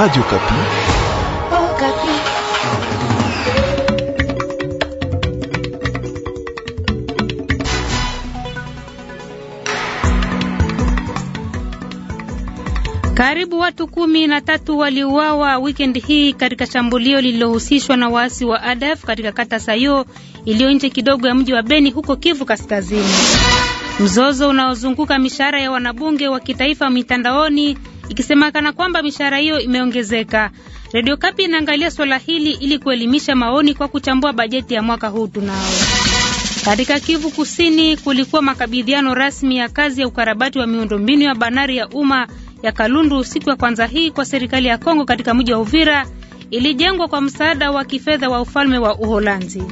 Radio Okapi. Oh, Karibu watu kumi na tatu waliuawa weekend hii katika shambulio lililohusishwa na waasi wa ADF katika kata Sayo iliyo nje kidogo ya mji wa Beni huko Kivu Kaskazini. Mzozo unaozunguka mishahara ya wanabunge wa kitaifa mitandaoni ikisemekana kwamba mishahara hiyo imeongezeka. Redio Kapi inaangalia swala hili ili kuelimisha maoni kwa kuchambua bajeti ya mwaka huu tunao. Katika Kivu Kusini kulikuwa makabidhiano rasmi ya kazi ya ukarabati wa miundombinu ya bandari ya umma ya Kalundu siku ya kwanza hii kwa serikali ya Kongo katika mji wa Uvira. Ilijengwa kwa msaada wa kifedha wa ufalme wa Uholanzi.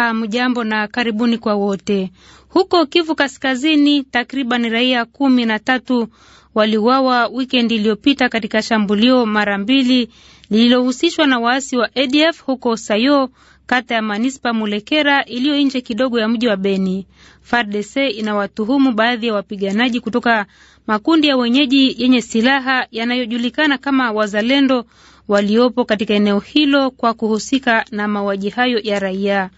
Hamjambo na karibuni kwa wote. Huko Kivu Kaskazini, takriban raia kumi na tatu waliuawa wikendi iliyopita katika shambulio mara mbili lililohusishwa na waasi wa ADF huko Sayo, kata ya manispa Mulekera iliyo nje kidogo ya mji wa Beni. FARDC inawatuhumu baadhi ya wapiganaji kutoka makundi ya wenyeji yenye silaha yanayojulikana kama Wazalendo waliopo katika eneo hilo kwa kuhusika na mauaji hayo ya raia.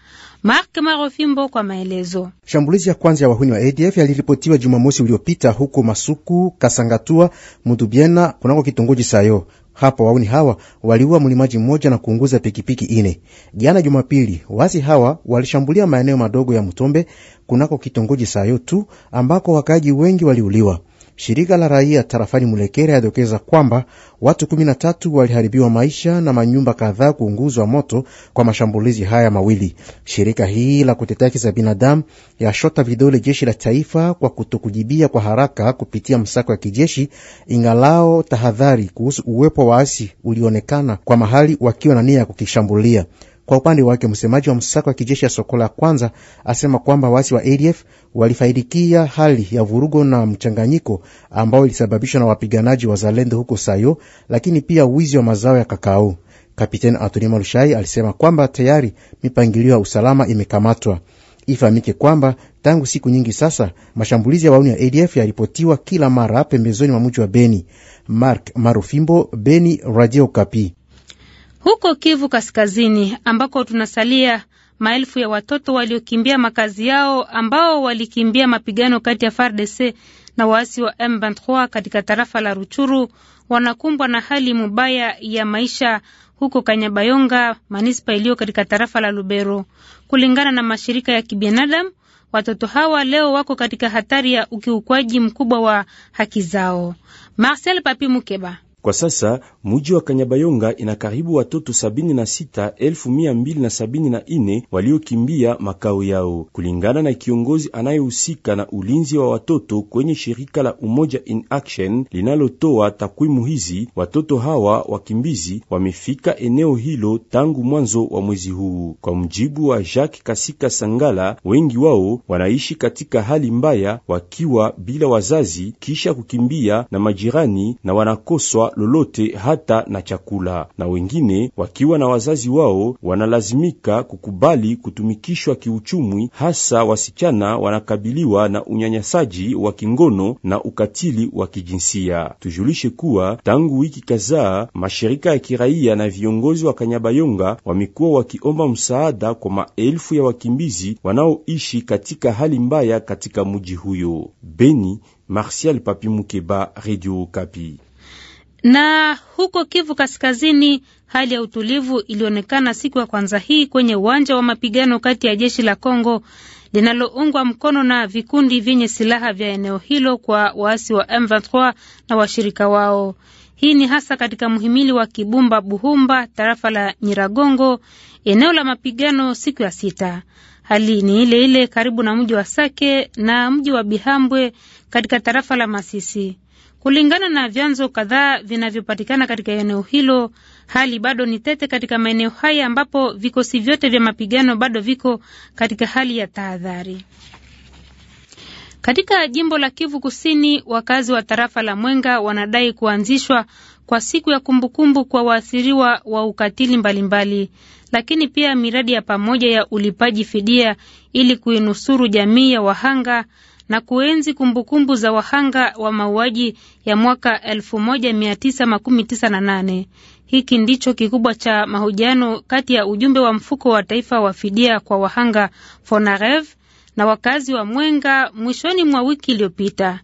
Mark Marofimbo kwa maelezo. Shambulizi ya kwanza ya wahuni wa ADF yaliripotiwa Jumamosi uliopita huko Masuku, Kasangatua, Mudubiena kunako kitongoji Sayo. Hapo wauni hawa waliua mlimaji mmoja na kuunguza pikipiki ine. Jana Jumapili, wasi hawa walishambulia maeneo madogo ya Mtombe kunako kitongoji Sayo tu ambako wakaaji wengi waliuliwa. Shirika la raia tarafani Mulekere yadokeza kwamba watu 13 waliharibiwa maisha na manyumba kadhaa kuunguzwa moto kwa mashambulizi haya mawili. Shirika hii la kutetea haki za binadamu yashota vidole jeshi la taifa kwa kutokujibia kwa haraka kupitia msako ya kijeshi, ingalao tahadhari kuhusu uwepo wa asi ulionekana kwa mahali wakiwa na nia ya kukishambulia. Kwa upande wake msemaji wa msako wa kijeshi ya Sokola kwanza asema kwamba waasi wa ADF walifaidikia hali ya vurugo na mchanganyiko ambao ilisababishwa na wapiganaji wa Zalendo huko Sayo, lakini pia wizi wa mazao ya kakao. Kapitani Antoni Malushai alisema kwamba tayari mipangilio ya usalama imekamatwa. Ifahamike kwamba tangu siku nyingi sasa mashambulizi ya wauni ya ADF yaripotiwa kila mara pembezoni mwa mji wa Beni. Mark Marufimbo, Beni, Radio Kapi. Huko Kivu Kaskazini ambako tunasalia, maelfu ya watoto waliokimbia makazi yao ambao walikimbia mapigano kati ya FARDC na waasi wa M23 katika tarafa la Ruchuru wanakumbwa na hali mubaya ya maisha huko Kanyabayonga, manispa iliyo katika tarafa la Lubero. Kulingana na mashirika ya kibinadamu, watoto hawa leo wako katika hatari ya ukiukwaji mkubwa wa haki zao. Marcel Papi Mukeba kwa sasa muji wa Kanyabayonga ina karibu watoto 76274 waliokimbia makao yao, kulingana na kiongozi anayehusika na ulinzi wa watoto kwenye shirika la Umoja in Action linalotoa takwimu hizi. Watoto hawa wakimbizi wamefika eneo hilo tangu mwanzo wa mwezi huu. Kwa mjibu wa Jacques Kasika Sangala, wengi wao wanaishi katika hali mbaya, wakiwa bila wazazi kisha kukimbia na majirani na wanakoswa lolote, hata na chakula, na wengine wakiwa na wazazi wao wanalazimika kukubali kutumikishwa kiuchumi. Hasa wasichana wanakabiliwa na unyanyasaji wa kingono na ukatili wa kijinsia. Tujulishe kuwa tangu wiki kadhaa mashirika ya kiraia na viongozi wa Kanyabayonga wamekuwa wakiomba msaada kwa maelfu ya wakimbizi wanaoishi katika hali mbaya katika mji huyo. Beni, Martial Papi Mukeba, Radio Kapi. Na huko Kivu Kaskazini, hali ya utulivu ilionekana siku ya kwanza hii kwenye uwanja wa mapigano kati ya jeshi la Kongo linaloungwa mkono na vikundi vyenye silaha vya eneo hilo kwa waasi wa M23 na washirika wao. Hii ni hasa katika mhimili wa Kibumba Buhumba, tarafa la Nyiragongo, eneo la mapigano siku ya sita. Hali ni ile ile karibu na mji wa Sake na mji wa Bihambwe katika tarafa la Masisi. Kulingana na vyanzo kadhaa vinavyopatikana katika eneo hilo, hali bado ni tete katika maeneo haya ambapo vikosi vyote vya mapigano bado viko katika hali ya tahadhari. Katika jimbo la Kivu Kusini, wakazi wa tarafa la Mwenga wanadai kuanzishwa kwa siku ya kumbukumbu kwa waathiriwa wa ukatili mbalimbali mbali, lakini pia miradi ya pamoja ya ulipaji fidia ili kuinusuru jamii ya wahanga na kuenzi kumbukumbu za wahanga wa mauaji ya mwaka 1998. Hiki ndicho kikubwa cha mahojiano kati ya ujumbe wa mfuko wa taifa wa fidia kwa wahanga Fonarev na wakazi wa Mwenga mwishoni mwa wiki iliyopita.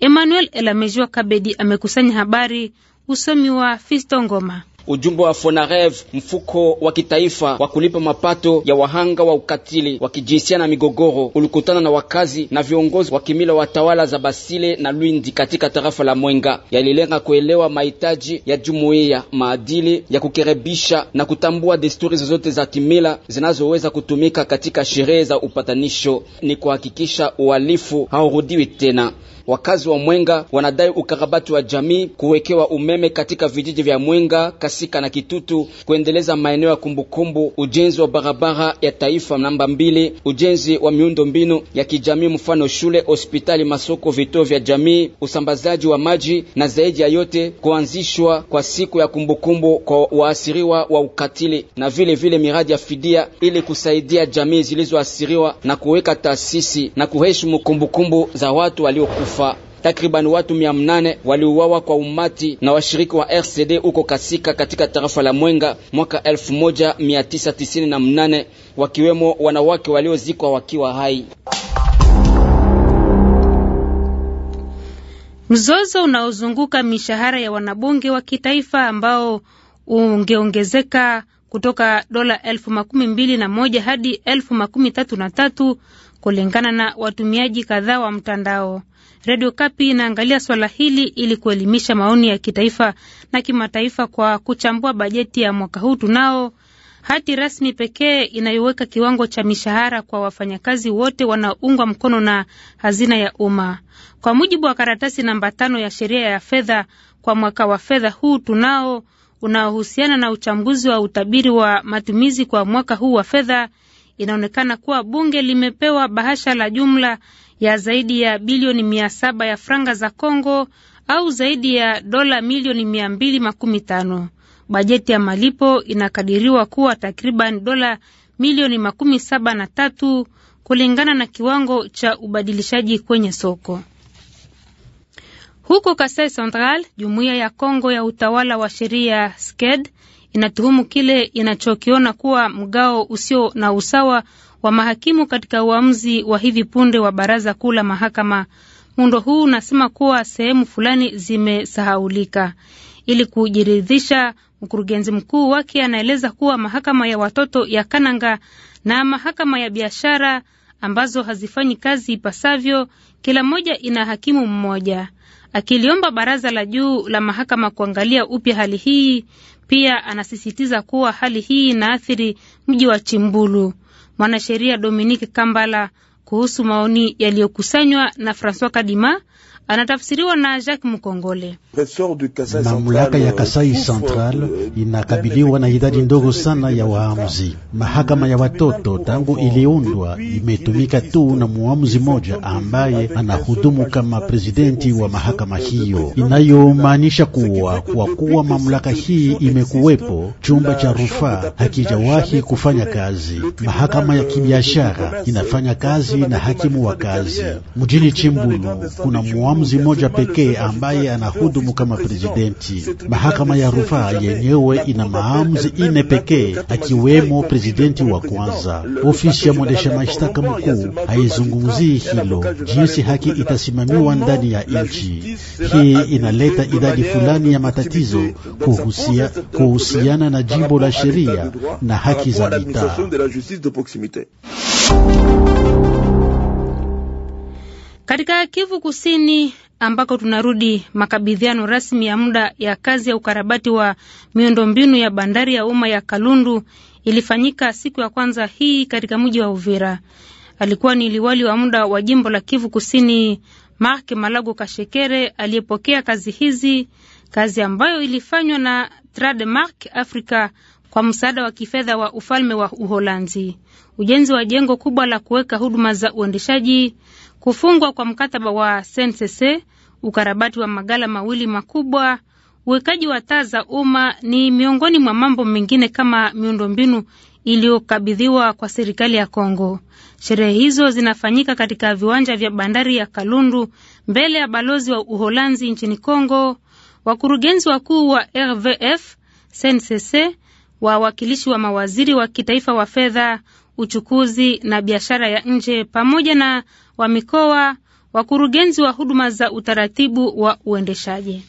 Emmanuel Elamejua Kabedi amekusanya habari, usomi wa Fisto Ngoma. Ujumbe wa Fonarev, mfuko wa kitaifa wa kulipa mapato ya wahanga wa ukatili wa kijinsia na migogoro, ulikutana na wakazi na viongozi wa kimila wa tawala za Basile na Lwindi katika tarafa la Mwenga. Yalilenga kuelewa mahitaji ya jumuiya, maadili ya kukerebisha na kutambua desturi zozote za kimila zinazoweza kutumika katika sherehe za upatanisho, ni kuhakikisha uhalifu haurudiwi tena. Wakazi wa Mwenga wanadai ukarabati wa jamii, kuwekewa umeme katika vijiji vya Mwenga, Kasika na Kitutu, kuendeleza maeneo ya kumbukumbu, ujenzi wa barabara ya taifa namba mbili, ujenzi wa miundo mbinu ya kijamii, mfano shule, hospitali, masoko, vituo vya jamii, usambazaji wa maji na zaidi ya yote kuanzishwa kwa siku ya kumbukumbu kwa waasiriwa wa ukatili na vile vile miradi ya fidia ili kusaidia jamii zilizoasiriwa na kuweka taasisi na kuheshimu kumbukumbu za watu waliokufa kufa. Takriban watu mia mnane waliuawa kwa umati na washiriki wa RCD huko Kasika katika tarafa la Mwenga mwaka 1998 wakiwemo wanawake waliozikwa wakiwa hai. Mzozo unaozunguka mishahara ya wanabunge wa kitaifa ambao ungeongezeka kutoka dola elfu makumi mbili na moja hadi elfu makumi tatu na tatu kulingana na watumiaji kadhaa wa mtandao. Radio Kapi inaangalia swala hili ili kuelimisha maoni ya kitaifa na kimataifa kwa kuchambua bajeti ya mwaka huu tunao hati rasmi pekee inayoweka kiwango cha mishahara kwa wafanyakazi wote wanaoungwa mkono na hazina ya umma. Kwa mujibu wa karatasi namba tano ya sheria ya fedha kwa mwaka wa fedha huu tunao unaohusiana na uchambuzi wa utabiri wa matumizi kwa mwaka huu wa fedha, inaonekana kuwa bunge limepewa bahasha la jumla ya zaidi ya bilioni mia saba ya franga za Congo au zaidi ya dola milioni mia mbili makumi tano. Bajeti ya malipo inakadiriwa kuwa takriban dola milioni makumi saba na tatu kulingana na kiwango cha ubadilishaji kwenye soko. Huko Kasai Central, jumuiya ya Kongo ya utawala wa sheria sked inatuhumu kile inachokiona kuwa mgao usio na usawa wa mahakimu katika uamuzi wa hivi punde wa baraza kuu la mahakama. Muundo huu unasema kuwa sehemu fulani zimesahaulika. Ili kujiridhisha, mkurugenzi mkuu wake anaeleza kuwa mahakama ya watoto ya Kananga na mahakama ya biashara ambazo hazifanyi kazi ipasavyo, kila moja ina hakimu mmoja. Akiliomba baraza la juu la mahakama kuangalia upya hali hii, pia anasisitiza kuwa hali hii inaathiri mji wa Chimbulu mwanasheria Dominique Kambala kuhusu maoni yaliyokusanywa na Francois Kadima anatafsiriwa na Jacques Mkongole. Mamlaka ya euh, Kasai Central euh, inakabiliwa na idadi ndogo sana ya waamuzi. Mahakama ya watoto tangu iliundwa imetumika tu na muamuzi mmoja ambaye anahudumu kama presidenti wa mahakama hiyo, inayomaanisha kuwa kwa kuwa mamlaka hii imekuwepo, chumba cha rufaa hakijawahi kufanya kazi. Mahakama ya kibiashara inafanya kazi na hakimu wa kazi mjini Chimbulu. Kuna muamuzi mwamuzi mmoja pekee ambaye anahudumu kama prezidenti. Mahakama ya rufaa yenyewe ina maamuzi ine pekee, akiwemo prezidenti wa kwanza. Ofisi ya mwendesha mashtaka mkuu haizungumzii hilo, jinsi haki itasimamiwa ndani ya nchi hii. Inaleta idadi fulani ya matatizo kuhusia, kuhusiana na jimbo la sheria na haki za mitaa. Katika Kivu Kusini ambako tunarudi, makabidhiano rasmi ya muda ya kazi ya ukarabati wa miundombinu ya bandari ya umma ya Kalundu ilifanyika siku ya kwanza hii katika mji wa Uvira. Alikuwa ni liwali wa muda wa jimbo la Kivu Kusini Mark Malago Kashekere aliyepokea kazi hizi, kazi ambayo ilifanywa na Trademark Africa kwa msaada wa kifedha wa ufalme wa Uholanzi. Ujenzi wa jengo kubwa la kuweka huduma za uendeshaji kufungwa kwa mkataba wa SNCC, ukarabati wa magala mawili makubwa, uwekaji wa taa za umma ni miongoni mwa mambo mengine kama miundombinu iliyokabidhiwa kwa serikali ya Kongo. Sherehe hizo zinafanyika katika viwanja vya bandari ya Kalundu mbele ya balozi wa Uholanzi nchini Kongo, wakurugenzi wakuu wa RVF, SNCC, wawakilishi wa mawaziri wa kitaifa wa fedha, uchukuzi na biashara ya nje pamoja na wa mikoa, wakurugenzi wa huduma za utaratibu wa uendeshaji.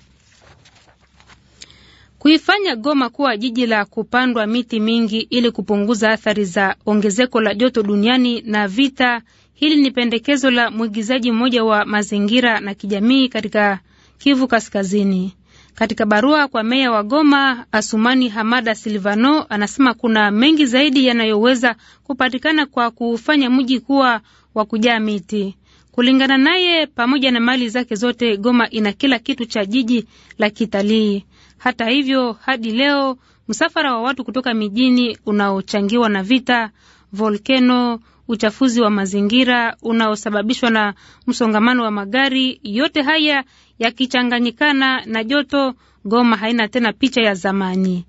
Kuifanya Goma kuwa jiji la kupandwa miti mingi ili kupunguza athari za ongezeko la joto duniani na vita. Hili ni pendekezo la mwigizaji mmoja wa mazingira na kijamii katika Kivu Kaskazini. Katika barua kwa meya wa Goma, Asumani Hamada Silvano anasema kuna mengi zaidi yanayoweza kupatikana kwa kuufanya mji kuwa wa kujaa miti. Kulingana naye, pamoja na mali zake zote, Goma ina kila kitu cha jiji la kitalii. Hata hivyo, hadi leo msafara wa watu kutoka mijini unaochangiwa na vita, volkeno uchafuzi wa mazingira unaosababishwa na msongamano wa magari, yote haya yakichanganyikana na joto, Goma haina tena picha ya zamani.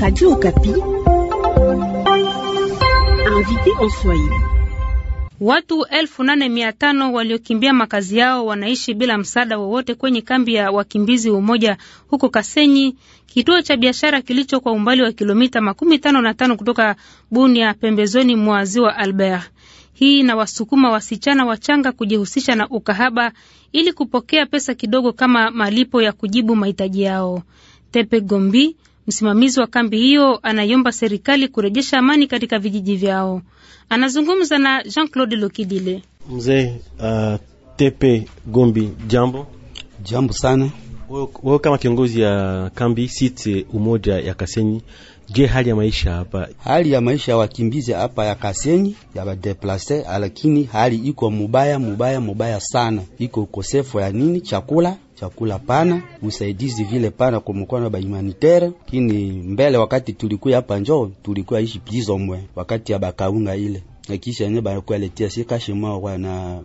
Radio Okapi. Watu elfu nane mia tano waliokimbia makazi yao wanaishi bila msaada wowote kwenye kambi ya wakimbizi Umoja huko Kasenyi, kituo cha biashara kilicho kwa umbali wa kilomita makumi tano na tano kutoka Bunia, pembezoni mwa ziwa Albert. Hii inawasukuma wasichana wachanga kujihusisha na ukahaba ili kupokea pesa kidogo kama malipo ya kujibu mahitaji yao. Tepe Gombi, msimamizi wa kambi hiyo, anaiomba serikali kurejesha amani katika vijiji vyao. Anazungumza na Jean-Claude Lokidile. Mzee uh, Tepe Gombi, jambo. Jambo sana. Wewe kama kiongozi ya kambi site umoja ya Kasenyi, je, hali ya maisha hapa? Hali ya maisha ya wakimbizi hapa ya Kasenyi ya badeplase, lakini hali iko mubaya mubaya mubaya sana, iko ukosefu ya nini chakula chakula pana usaidizi vile pana kwa mkono ba humanitaire kini mbele, wakati tulikuwa hapa njo tulikuwa ishi prizomwe wakati ya bakaunga ile na nakisha nye bakualetia kwa na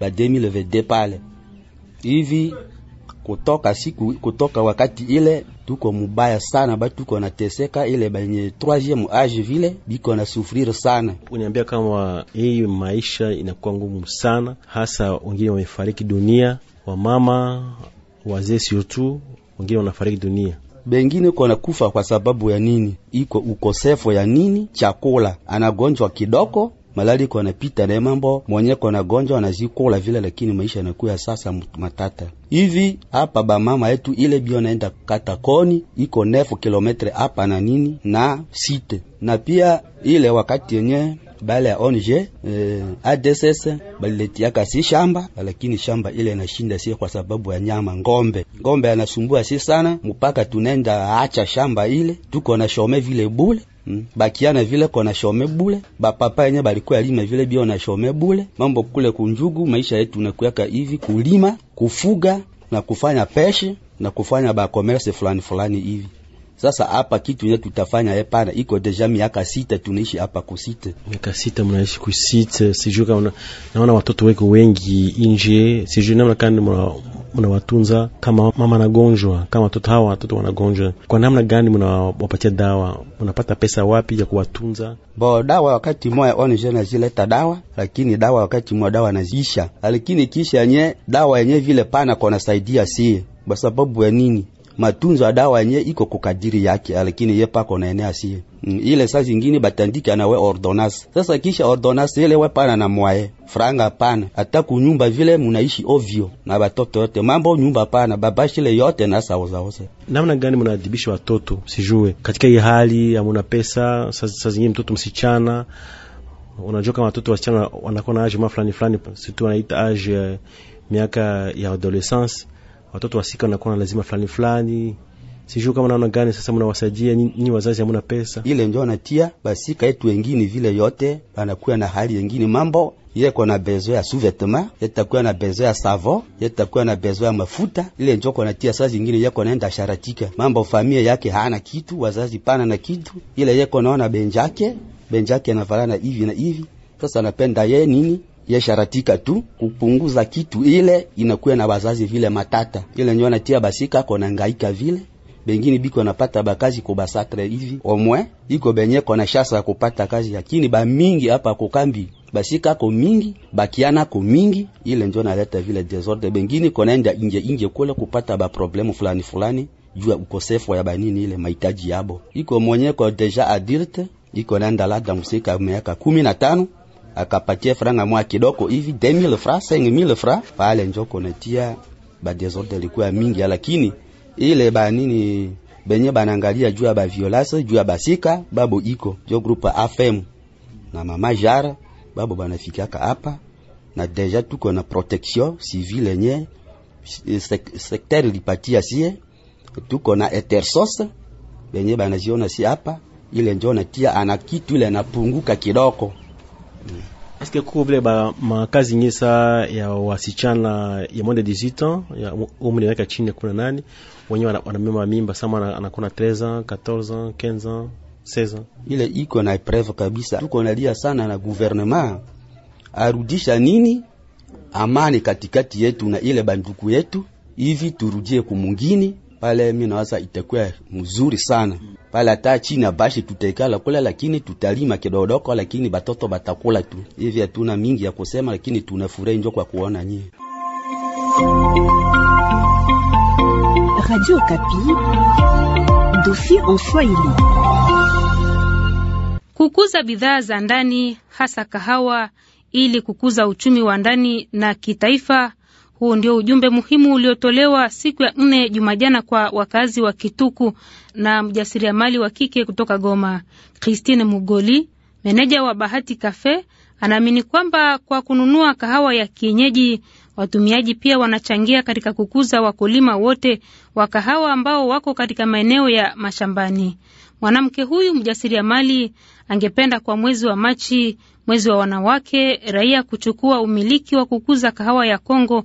ba 2022 pale hivi kutoka siku kutoka wakati ile tuko mubaya sana, ba tuko na teseka ile banye 3e age vile biko na sufrir sana. Uniambia kama hii maisha inakuwa ngumu sana, hasa wengine wamefariki dunia wamama, wazee surtout wengine wanafariki dunia bengine kwa nakufa kwa sababu ya nini? Iko ukosefu ya nini? Chakula, anagonjwa kidogo, malali kwa napita na mambo mwenye kwa nagonjwa anazikula vile, lakini maisha yanakuya sasa matata hivi. Hapa bamama yetu ile bio naenda kata koni iko nefu kilometre hapa na nini na site, na pia ile wakati yenye bale ya ONG eh, ADSS baliletiaka si shamba, lakini shamba ile inashinda sie kwa sababu ya nyama ngombe. Ngombe yanasumbua si sana, mpaka tunenda acha shamba ile, tuko na shome vile bule Mm. Bakiana vile kona shome bule bapapa yenye balikuwa lima vile bio na shome bule mambo kule kunjugu. Maisha yetu nakuyaka hivi kulima, kufuga na kufanya peshi na kufanya bakomerse fulani fulani hivi. Sasa hapa kitu ile tutafanya hapa eh, na iko deja miaka sita tunaishi hapa kusite, miaka sita mnaishi kusite. Sijui kama naona watoto wako wengi nje, sijui namna kani mnawatunza kama mama anagonjwa, kama watoto hawa watoto wanagonjwa kwa namna gani, mnawapatia dawa? Mnapata pesa wapi ya kuwatunza? Bo, dawa wakati moya onje oh, nazileta dawa, lakini dawa wakati moya dawa nazisha, lakini kisha yenye dawa yenye vile pana kwa nasaidia si kwa sababu ya nini? matunzo ya dawa yenye iko kukadiri yake, ah, lakini ye pako naenea sie mm, ile saa zingine batandike anawe ordonnance. Sasa kisha ordonnance ile we pana na mwae franga pana, hata kunyumba vile munaishi ovyo na batoto yote, mambo nyumba pana babashile yote na saozaoze. Namna gani munaadhibisha watoto sijue katika hii hali? Hamuna pesa, saa zingine mtoto msichana unajua kama watoto wasichana wanakuwa na age ma fulani fulani, situ wanaita age eh, miaka ya adolescence watoto wasika wanakuwa na lazima fulani fulani sijui kama naona gani sasa, mnawasaidia nyinyi wazazi, hamuna pesa ile, ndio anatia basi kaetu wengine vile yote anakuwa na hali yengine mambo kwa na besoin ya sous-vêtements, yetakuwa na besoin ya savon, yetakuwa na besoin ya mafuta. Ile njo konatia saa zingine yeko naenda sharatika, mambo familia yake hana kitu, wazazi pana na kitu, ile yeko naona benjake benjake anavalana hivi na hivi. Sasa anapenda yeye nini yesharatika tu kupunguza kitu ile inakuwa na bazazi vile matata ile ndio anatia basika kona ngaika vile bengini biko anapata bakazi ko basatre hivi au moins iko benye kona shasa kupata kazi, lakini ba mingi hapa kukambi basika ko mingi bakiana ko mingi, ile ndio naleta vile desordre. Bengine konaenda inje inje kule kupata ba problemu fulani fulani juu ya ukosefu ya banini ile mahitaji yabo. Iko mwenye ko deja adulte iko naenda labda msika miaka kumi na akapatia franga mwa kidogo hivi 2000 francs 5000 francs pale, njo konetia ba desordre ilikuwa mingi, lakini ile ba nini benye banangalia juu ya ba violence juu ya basika babo iko jo groupe AFM na mama Jara babo banafikaka hapa, na deja tuko na protection civile yenye sekter lipatia sie, tuko na etersos benye banaziona si hapa, ile njo natia ana kitu ile napunguka kidogo Est-ce que kuble ba makazi nyesa ya wasichana ya de 18 ans ya umri wake chini ya 18 wenye wanamema mimba sama anakuwa na 13 ans, 14 ans, 15 ans, 16 ans. Ile iko na preuve kabisa. Tuko nalia sana na gouvernement arudisha nini amani katikati yetu na ile banduku yetu, hivi turudie kumungini pale, mimi nawaza itakuwa mzuri sana pale, hata chini abashi tutaikala kula, lakini tutalima kidodoko, lakini batoto batakula tu hivi. Hatuna mingi ya kusema, lakini tunafurahi njo kwa kuona nyie. Radio Kapi, dofi en Swahili. Kukuza bidhaa za ndani hasa kahawa ili kukuza uchumi wa ndani na kitaifa huu ndio ujumbe muhimu uliotolewa siku ya nne Jumajana kwa wakazi wa Kituku na mjasiriamali wa kike kutoka Goma. Christine Mugoli, meneja wa Bahati Cafe, anaamini kwamba kwa kununua kahawa ya kienyeji watumiaji pia wanachangia katika kukuza wakulima wote wa kahawa ambao wako katika maeneo ya mashambani. Mwanamke huyu mjasiriamali angependa kwa mwezi wa Machi, mwezi wa wanawake, raia kuchukua umiliki wa kukuza kahawa ya Kongo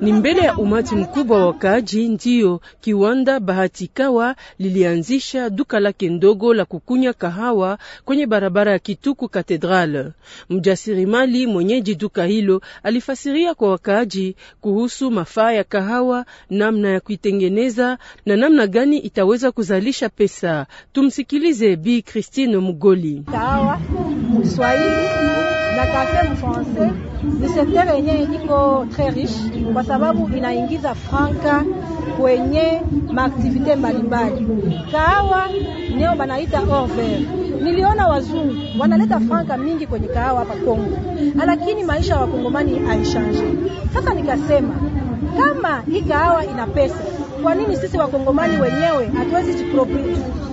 Ni mbele ya umati mkubwa wa kaaji ndiyo kiwanda Bahati Kawa lilianzisha duka lake ndogo la kukunya kahawa kwenye barabara ya Kituku Katedrale. Mjasirimali mwenyeji duka hilo alifasiria kwa wakaaji kuhusu mafaa ya kahawa, namna ya kuitengeneza na namna gani itaweza kuzalisha pesa. Tumsikilize Bi Christine Mugoli. Kahawa, Mswahili na kafe mfranse ni sekta yenye iko très riche kwa sababu inaingiza franka kwenye maaktivite mbalimbali. Kahawa neo banaita or vert. Niliona wazungu wanaleta franka mingi kwenye kahawa hapa Kongo, lakini maisha ya wakongomani haishanje. Sasa nikasema kama hii kahawa ina pesa, kwa nini sisi wakongomani wenyewe hatuwezi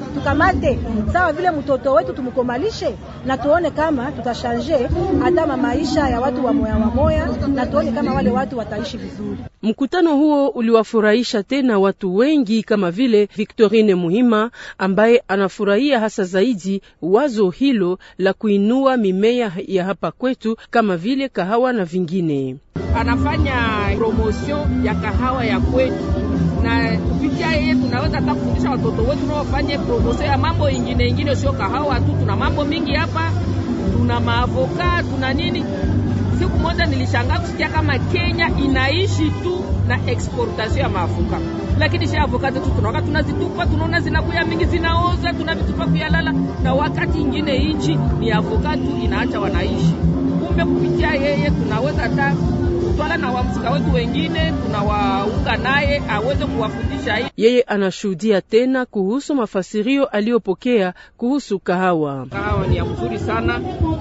tukamate sawa vile mtoto wetu tumkomalishe, na tuone kama tutashanje hata maisha ya watu wa moya wa moya, na tuone kama wale watu wataishi vizuri. Mkutano huo uliwafurahisha tena watu wengi, kama vile Victorine Muhima ambaye anafurahia hasa zaidi wazo hilo la kuinua mimea ya hapa kwetu kama vile kahawa na vingine. Anafanya promotion ya kahawa ya kwetu na kupitia yeye tunaweza hata kufundisha watoto wetu wafanye promoso ya mambo ingine ingine, sio kahawa tu. Tuna mambo mingi hapa, tuna maavoka, tuna nini. Siku moja nilishangaa kusikia kama Kenya inaishi tu na exportation ya maafuka, lakini she avoka zetu tunawaka tunazitupa, tunaona zinakuya mingi zinaoza, tunavitupa kuyalala, na wakati ingine inchi ni avoka tu inaacha wanaishi. Kumbe kupitia yeye tunaweza hata tunatwala na wamsika wetu wengine, tunawaunga naye aweze kuwafundisha hii. Yeye anashuhudia tena kuhusu mafasirio aliyopokea kuhusu kahawa. Kahawa ni ya mzuri sana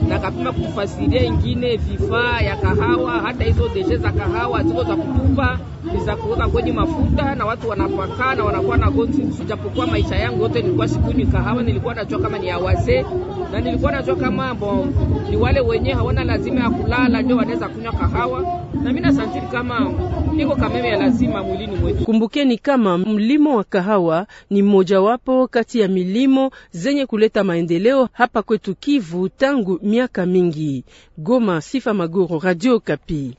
na kapima kufasiria ingine vifaa ya kahawa, hata hizo deshe za kahawa ziko za kutupa ni za kuweka kwenye mafuta na watu wanapaka na wanakuwa na goti. Japokuwa maisha yangu yote nilikuwa sikunywi kahawa, nilikuwa najua kama ni ya wazee na nilikuwa najua kama bon, ni wale wenye hawana lazima ya kulala ndio wanaweza kunywa kahawa, na mimi nasantiri kama niko kameme ya lazima mwilini mwetu. Kumbukeni kama mlimo wa kahawa ni mmojawapo kati ya milimo zenye kuleta maendeleo hapa kwetu Kivu tangu miaka mingi. Goma, Sifa Magoro, Radio Kapi.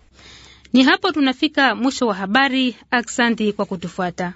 Ni hapo tunafika mwisho wa habari. Aksanti kwa kutufuata.